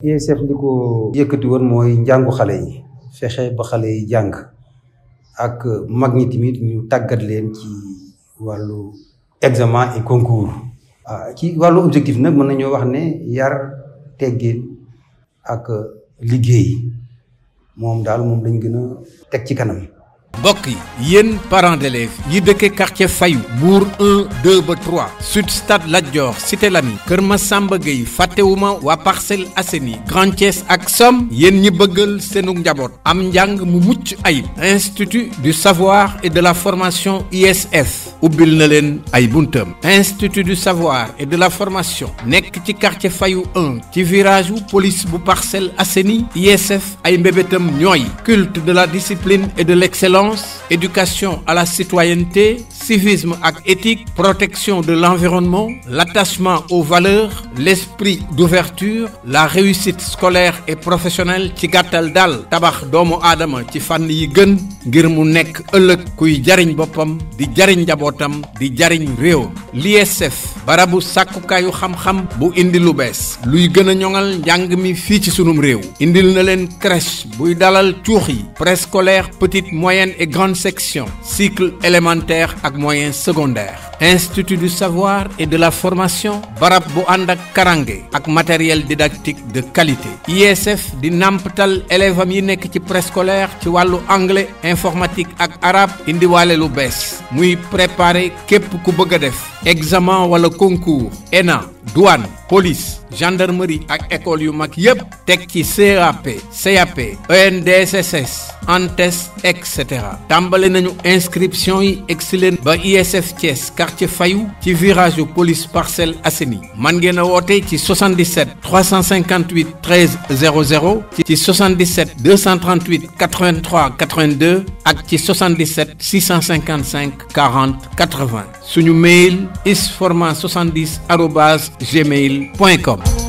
ISF li ko yëkkati woon mooy njàngu xale yi fexe ba xale yi jàng ak mag ñi tamit ñu tàggat leen ci wàllu examen et concours. Ah, ci wàllu objectif nag mën nañoo wax ne yar teggin ak liggéey moom daal moom lañ gën a teg ci kanam. Boki, Yen, parents d'élèves yi dëkke quartier Fayu 1 2 ba 3 sud stade Ladjor cité lami Kër samba Gueye fàttewuma waa parcelle Assainies Grand Thiès ak som yéen ñi bëggal njaboot am mu mucc institut du savoir et de la formation ISF ou na leen ay institut du savoir et de la formation nekk ci quartier Fayou 1 ci virage police bu Parcel Asseni, ISF ay mbébétam culte de la discipline et de l'excellence éducation à la citoyenneté civisme et éthique, protection de l'environnement, l'attachement aux valeurs, l'esprit d'ouverture, la réussite scolaire et professionnelle ci dal Tabar domo adam Tifan ci girmunek yi gën ngir mu kuy jariñ Bopam, di jariñ jabotam di jariñ l'ISF barabu Sakukayu xam-xam bu indi lu bees luy gën sunum Rio, indil Nelen Kresh, crèche buy dalal cuux préscolaire petite moyenne et grande section cycle élémentaire ak moyen secondaire institut du savoir et de la formation barab bu Karangé matériel didactique de qualité ISF dinamptal, élève am yi préscolaires, ci préscolaire ci anglais informatique ak arabe Indiwale lu muy préparer képp ku bëgg a def examen wala concours ENA douane police gendarmerie ak école yu mag yépp teg ci CAP CAP ENDSS ANTES et cetera tàmbale nañu inscription yi egsi leen ba ISF Thiès quartier Fayou ci virage yu polis parcelle Assainies man ngeen a woote ci 77 358 13 00 ci 77 238 83 82 ak ci 77 655 40 80 suñu mail isforma 70 70gmailcom